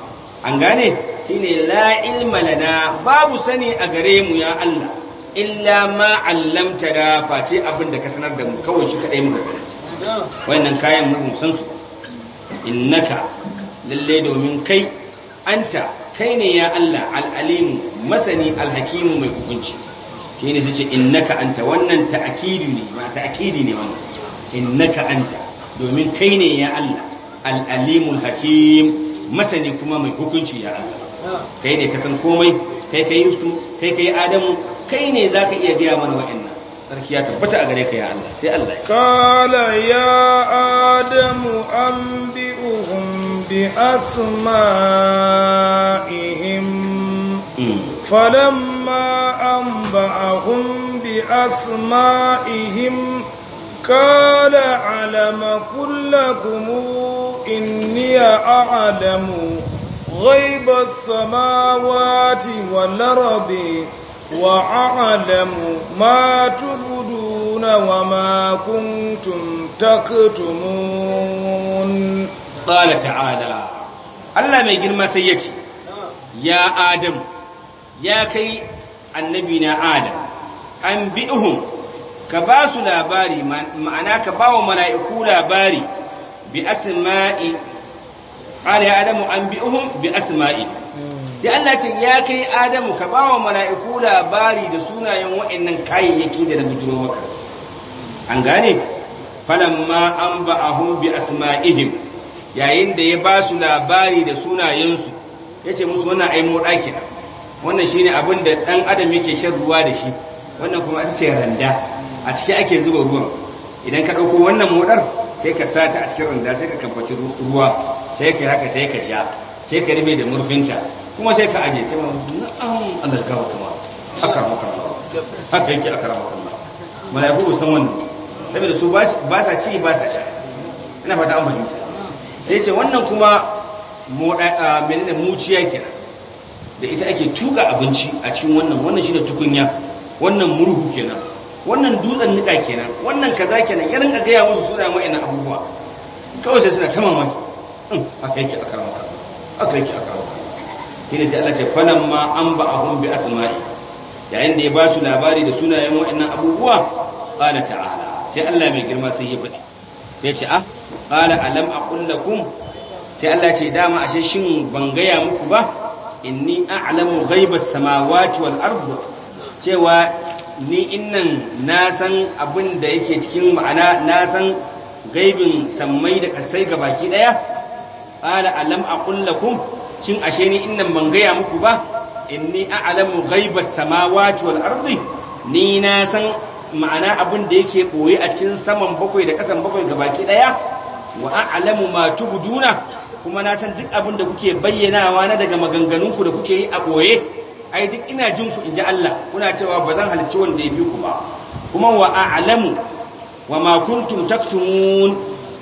an gane shine la la’il malana babu sani a gare mu ya Allah illa ma allamta da face abin da ka sanar da mu kawai shi kadai muka sani wannan kayan mu san su innaka lalle domin kai anta kai ne ya Allah al-alim masani al-hakim mai hukunci shine su ce innaka anta wannan ta'kidi ne ma ta'kidi ne wannan innaka anta domin kai ne ya Allah al-alim hakim masani kuma mai hukunci ya Allah ah. kai ne ka san komai kai kai yusuf kai kai adamu kai ne za ka iya gaya mana wa'annan sarki ya tabbata a gare ka ya Allah sai Allah ya kala ya adamu An bi asma'ihim an hmm. falamma anba'ahum bi asma'ihim قال علم كلكم إني أعلم غيب السماوات والأرض wa a'lamu ma tubuduna wa ma kuntum taktumun Allah mai girma sai yace ya adam ya kai annabina na adam an bihu ka ba su labari ma'ana ka ba wa malaiku labari bi asma'i qala ya adam an bihu bi asma'i sai Allah ce ya kai Adamu ka bawa mala'iku labari da sunayen waɗannan kayayyaki da na bijiro maka an gane falamma an ba'ahum bi asma'ihim yayin da ya ba su labari da sunayensu ya ce musu wannan ai moɗa Wannan shi ne abin da ɗan adam yake shan ruwa da shi wannan kuma ita ce randa a ciki ake zuba ruwa. idan ka ɗauko wannan moɗar sai ka sata a cikin randa sai ka kamfaci ruwa sai ka haka sai ka sha sai ka rufe da murfinta kuma sai ka aje sai ma na'am Allah ya gawa kuma akar maka haka yake akar makarna mala'iku sun wani wannan saboda su ba sa ci ba sa sha ina fata an fahimta sai ce wannan kuma mu menene muciya kenan da ita ake tuka abinci a cikin wannan wannan shine tukunya wannan murhu kenan wannan dutsen nika kenan wannan kaza kenan ya rinka gaya musu suna wa'annan abubuwa kawai sai suna ta mamaki hmm, haka yake akar makarna haka yake akar shine sai Allah ce falamma anba'ahum bi asma'i yayin da ya ba su labari da sunayen waɗannan abubuwa qala ta'ala sai Allah mai girma sai ya faɗi sai ce ah qala alam aqul lakum sai Allah ce dama ashe shin ban gaya muku ba inni a'lamu ghaibas samawati wal ardh cewa ni innan na san abin da yake cikin ma'ana na san gaibin sammai da kasai ga baki daya qala alam aqul lakum shin ashe ni innan ban gaya muku ba inni a'lamu ghaibas samawati wal ardi ni na san ma'ana abin da yake boye a cikin saman bakwai da kasan bakwai gabaki daya wa a'lamu ma tubduna kuma na san duk abin da kuke bayyanawa na daga maganganunku da kuke yi a boye ai duk ina jin ku inji Allah kuna cewa ba zan halicci wanda ya bi ku ba kuma wa a'lamu wa ma kuntum taktumun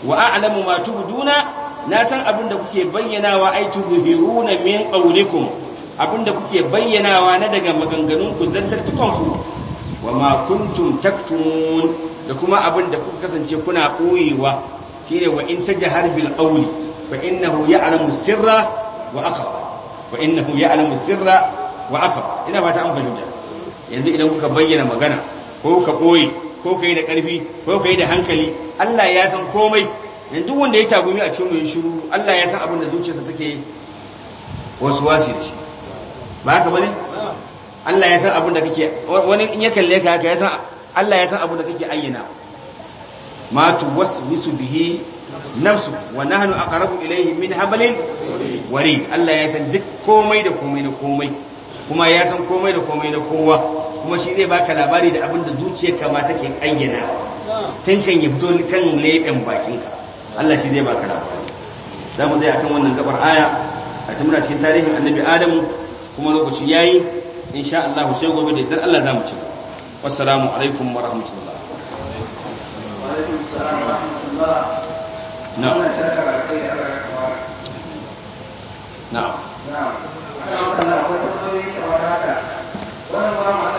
wa a'lamu ma tubduna na san abin da kuke bayyanawa ai tuzhiruna min qawlikum abin da kuke bayyanawa na daga maganganun ku zantattukan ku wa ma kuntum taktumun da kuma abin da kuka kasance kuna koyewa shine wa in tajhar bil qawli fa innahu ya'lamu sirra wa akhfa wa innahu ya'lamu sirra wa akhfa ina fata an fahimta yanzu idan kuka bayyana magana ko ka koyi ko kai da karfi ko kai da hankali Allah ya san komai yanzu duk wanda ya tagumi a cikin mai shiru Allah ya san abin da zuciyarsa take wasu wasi da shi ba haka bane Allah ya san abin da kake wani in ya kalle ka haka ya san Allah ya san abin da kake ayyana ma tuwaswisu bihi nafsu wa nahnu aqrabu ilayhi min hablin wari Allah ya san duk komai da komai na komai kuma ya san komai da komai na kowa kuma shi zai baka labari da abin da zuciyarka ma take ayyana tun kan ya fito kan leɓen bakinka Allah shi zai baka labari za mu zai akan wannan gabar aya a ta cikin tarihin annabi adamu kuma lokaci yayi insha Allah sai gobe da idan Allah za mu ci wassalamu alaikum wa rahmatullah wa alaikum salam wa rahmatullah na'am na'am na'am wannan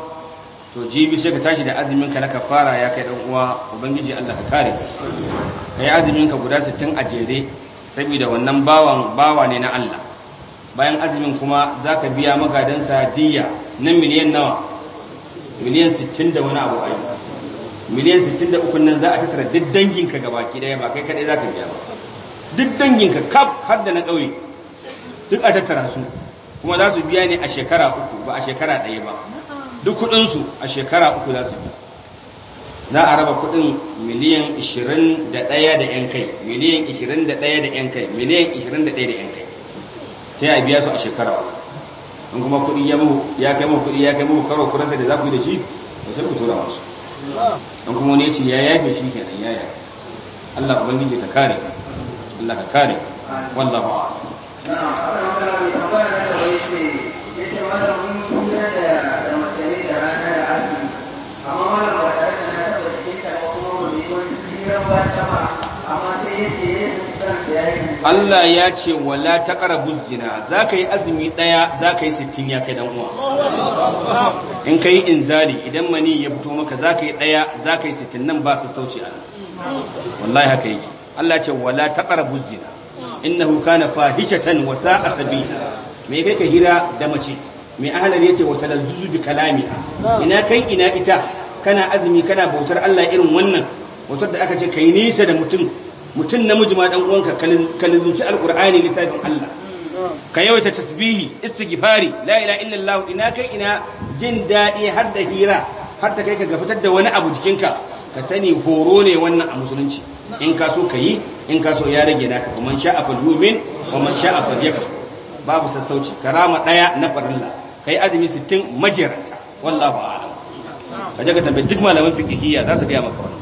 to jibi sai ka tashi da azumin ka na kafara ya kai dan uwa ubangiji Allah ka kare kai azumin ka guda 60 a jere saboda wannan bawan bawa ne na Allah bayan azumin kuma zaka biya sa diya nan miliyan nawa miliyan 60 da wani abu ai miliyan 63 nan za a tattara duk dangin ka gabaki daya ba kai kadai zaka biya ba duk dangin ka kaf har da na kauye duk a tattara su kuma za su biya ne a shekara uku ba a shekara ɗaya ba duk kudinsu a shekara uku za su za a raba kudin miliyan 21 da yan kai miliyan 21 da yan kai miliyan 21 da yan kai sai a biya su a shekara uku in kuma kudi ya kai muku kudi ya kai muku karo kuransa da za ku yi da shi da sai ku tura masu in kuma wani ya ya yafe shi kenan ya yaya Allah ubangiji ka kare Allah ka kare wallahu a'lam na'am ana magana ne amma da sai sai ya ce malamin duniya da ba tare da na taɓa kuma ba sama amma sai eh, Allah ya ce wala ta ƙara zina za ka yi azumi ɗaya za ka yi sittin ya kai ɗan'uwa, in ka yi zari idan mani ya fito maka za ka yi ɗaya za ka yi sittin nan ba su sauci a wallahi haka yake Allah ce wala ta ƙara zina Inna hukana fahishatan wasa a sabi. me kai ka hira da mace mai ahalar yace wata talazzuzu bi kalamiha ina kai ina ita kana azumi kana bautar Allah irin wannan bautar da aka ce kai nisa da mutum mutum namiji ma dan uwanka kalazzuci alqur'ani littafin Allah ka yawaita tasbihi istighfari la ilaha illallah ina kai ina jin dadi har da hira har ta kai ka gafatar da wani abu jikinka ka sani horo ne wannan a musulunci in ka so ka yi in ka so ya rage naka kuma man sha'a fal yu'min wa sha'a babu sassauci karama daya na farilla kai azumi 60 majirata wallahu a'lam ka je ka tambaye duk malaman fiqhiyya za su gaya maka wannan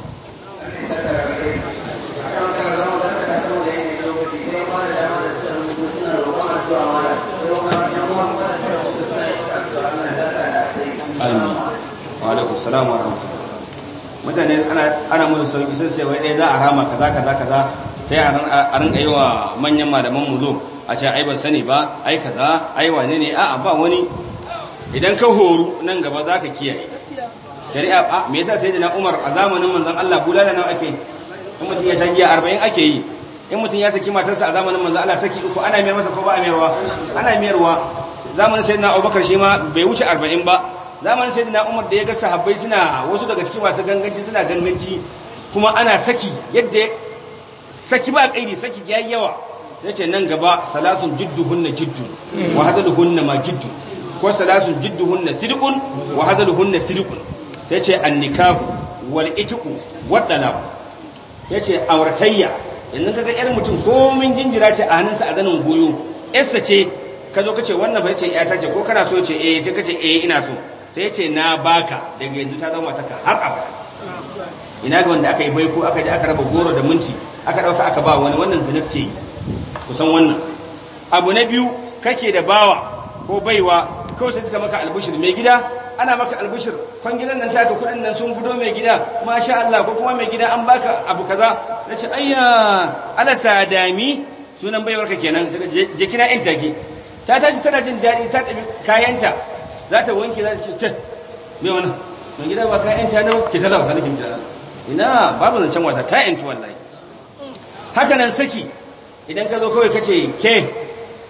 Amin. Wa alaikum salam wa rahmatullahi. Mutane ana musu sauki sun sai wai dai za a rama kaza kaza kaza sai a rinka yi wa manyan malaman mu zo a ce ai ban sani ba ai kaza ai wane ne a'a ba wani idan ka horu nan gaba za ka kiyaye shari'a me yasa sai da umar a zamanin manzon Allah bulala nan ake in mutum ya shagiya giya arba'in ake yi in mutum ya saki matarsa a zamanin manzon Allah saki uku ana miyar masa ko ba a miyarwa ana miyarwa zamanin sayyidina Abubakar shi ma bai wuce arba'in ba zamanin da Umar da ya ga sahabbai suna wasu daga cikin masu ganganci suna ganganci kuma ana saki yadda saki ba kairi saki ya yawa sai ce nan gaba salatun hunna jiddu wa hunna ma jiddu kwasalasun salasun jidduhunna sidqun wa hazaluhunna sidqun yace annikahu wal itqu wad yace auratayya yanzu kaga yar mutum komin jinjira ce a hannunsa a zanin goyo yarsa ce ka zo kace wannan fa yace iyata ce ko kana so yace eh yace kace eh ina so sai yace na baka daga yanzu ta zama ka har abada ina ga wanda aka yi baiko aka je aka raba goro da minti aka dauka aka ba wani wannan zina suke yi kusan wannan abu na biyu kake da bawa ko baiwa kawai sai suka maka albushir mai gida ana maka albushir fangilan nan taka kudin nan sun gudo mai gida masha Allah ko kuma mai gida an baka abu kaza nace ayya ala sadami sunan baiwar ka kenan sai je kina in take ta tashi tana jin dadi ta dabi kayanta za ta wanke za ta ce mai wannan mai gida ba kayanta ne ke talaka sanin kin jira ina babu zancen wasa ta yanci wallahi haka nan saki idan ka zo kawai kace ke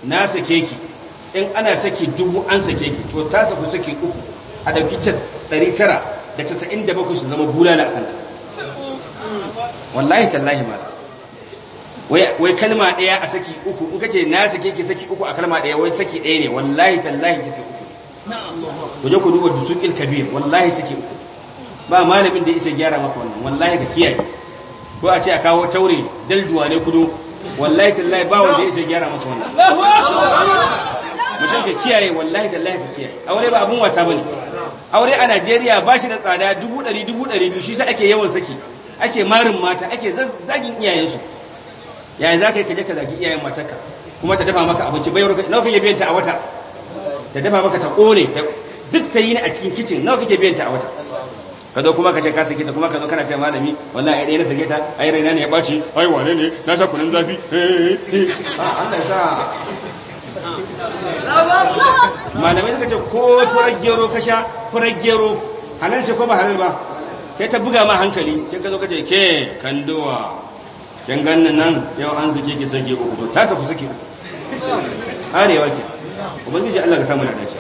na sake ki in ana saki dubu an sake ki to ta saku saki uku a dauki cas ɗari tara da casa'in da su zama bulala a kanta wallahi tallahi ma wai kalma daya a saki uku in kace na sake ki saki uku a kalma daya wai saki daya ne wallahi tallahi saki uku ku je ku duba dusuƙil kabir wallahi saki uku ba malamin da isa gyara maka wannan wallahi ka kiyaye ko a ce a kawo taure dalduwa ne do wallahi tallahi ba wanda isa gyara maka wannan mutum ka kiyaye wallahi tallahi ka kiyaye aure ba abun wasa bane aure a Najeriya ba shi da tsada dubu ɗari dubu ɗari biyu shi sa ake yawan saki ake marin mata ake zagin iyayensu yayi za ka yi kaje ka zagi iyayen matarka kuma ta dafa maka abinci bayar ka nawa kake biyan ta a wata ta dafa maka ta kone duk ta yi ni a cikin kicin nawa kake biyan ta a wata ka zo kuma ka ce ka saki ta kuma ka zo kana ce malami wallahi ai dai na sake ta ai raina ne ya baci ai wane ne na sha kunun zafi eh eh, eh. Allah ya sa malamai suka ce ko furar gero ka sha furar gero halal ce ko ba halal ba sai ta buga ma hankali sai ka zo ka ce ke kandowa kin ganin nan yau an suke ki sake uku to ta ku suke arewa ke ubangiji Allah ka samu da dace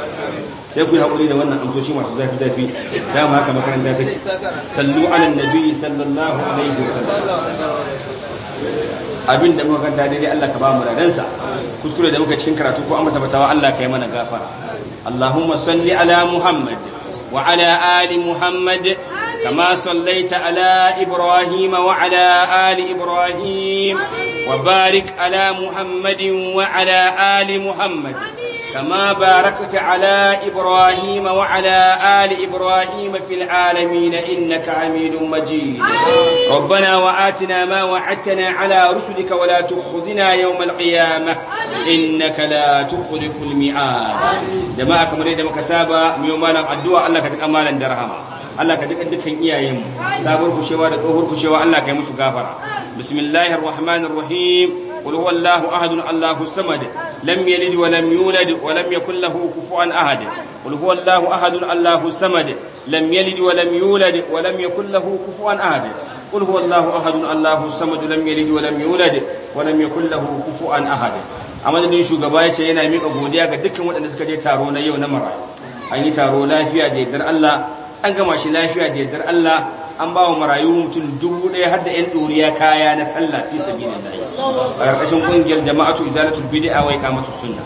sai ku yi haƙuri da wannan amsoshi masu zafi zafi dama haka makaranta take sallu ala nabi sallallahu alaihi wasallam abin da muka ganta daidai Allah ka ba mu radansa kuskure da muka cikin karatu ko an masa batawa Allah ka yi mana gafara Allahumma salli ala Muhammad wa ala ali Muhammad kama sallaita ala Ibrahim wa ala ali Ibrahim wa barik ala Muhammadin wa ala ali Muhammad كما باركت على إبراهيم وعلى آل إبراهيم في العالمين إنك عميد مجيد ربنا وآتنا ما وعدتنا على رسلك ولا تخذنا يوم القيامة إنك لا تخلف جماعة da muka saba mu malam addu'a Allah ka da rahama Allah ka ji dukkan iyayenmu sabuwar kushewa da tsohuwar ka yi musu قل هو الله أحد الله الصمد لم يلد ولم يولد ولم يكن له كفوا أحد قل هو الله أحد الله الصمد لم يلد ولم يولد ولم يكن له كفوا أحد قل هو الله أحد الله الصمد لم يلد ولم يولد ولم يكن له كفوا أحد a madadin shugaba ya ce yana miƙa godiya ga dukkan waɗanda suka je taro na yau na marayu an yi taro lafiya da yardar Allah an gama shi lafiya da yardar Allah an ba wa marayu mutum dubu ɗaya har da 'yan ɗoriya kaya na sallah fi sabi da layi a ƙarƙashin ƙungiyar jama'atu izalatul bid'a wa iqamatus sunna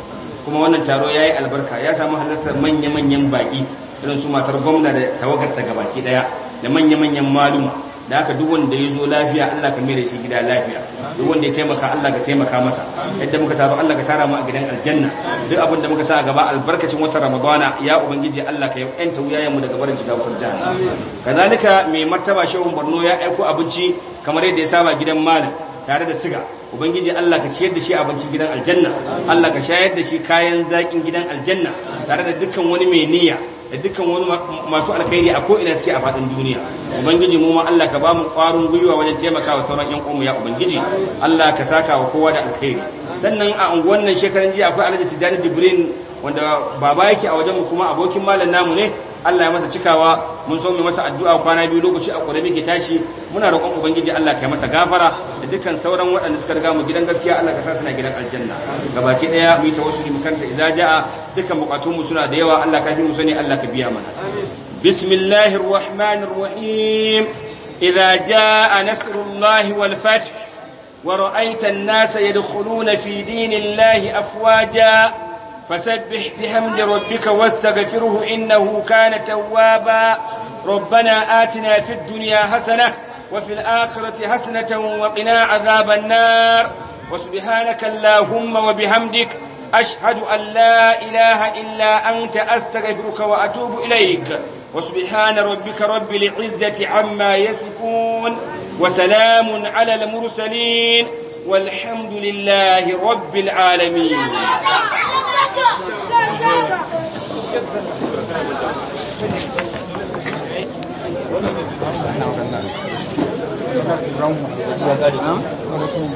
kuma wannan taro yi albarka ya samu halartar manya-manyan baƙi irin su matar gwamna da tawagar gabaki ɗaya da manya-manyan maluma da haka duk wanda ya zo lafiya Allah ka mai shi gida lafiya duk wanda ya taimaka Allah ka taimaka masa yadda muka taro Allah ka tara mu a gidan aljanna duk abin da muka sa a gaba albarkacin watan ramadana ya ubangiji Allah ka yanta wuyayen mu daga barin shiga wutar jahannam kazalika mai martaba shehu Borno ya aiko abinci kamar yadda ya saba gidan malam tare da siga ubangiji Allah ka ciyar da shi abincin gidan aljanna Allah ka shayar da shi kayan zakin gidan aljanna tare da dukkan wani mai niyya da dukkan wani masu alkhairi a ko ina suke a fadin duniya ubangiji mu ma Allah ka ba mu gwiwa wajen taimakawa sauran yan uwanmu ya ubangiji Allah ka saka wa kowa da alkhairi sannan a wannan shekaran jiya akwai Alhaji tijani Jibrin wanda baba yake a wajen mu kuma abokin malam namu ne Allah ya masa cikawa mun so mu masa addu'a kwana biyu lokaci a kure muke tashi muna roƙon ubangiji Allah ka masa gafara da dukkan sauran waɗanda suka riga mu gidan gaskiya Allah ka sa suna gidan aljanna gabaki ɗaya mu yi tawassuli mu kanta idza jaa dukkan bukatun mu suna da yawa Allah ka fi mu sani Allah ka biya mana bismillahir rahmanir rahim idza jaa nasrullahi wal fath ورأيت الناس يدخلون في دين الله أفواجاً فسبح بحمد ربك واستغفره إنه كان توابا ربنا آتنا في الدنيا حسنة وفي الآخرة حسنة وقنا عذاب النار وسبحانك اللهم وبحمدك أشهد أن لا إله إلا أنت أستغفرك وأتوب إليك وسبحان ربك رب العزة عما يصفون وسلام على المرسلين والحمد لله رب العالمين Hãy subscribe cho kênh Ghiền Mì Gõ Để không bỏ lỡ những video hấp dẫn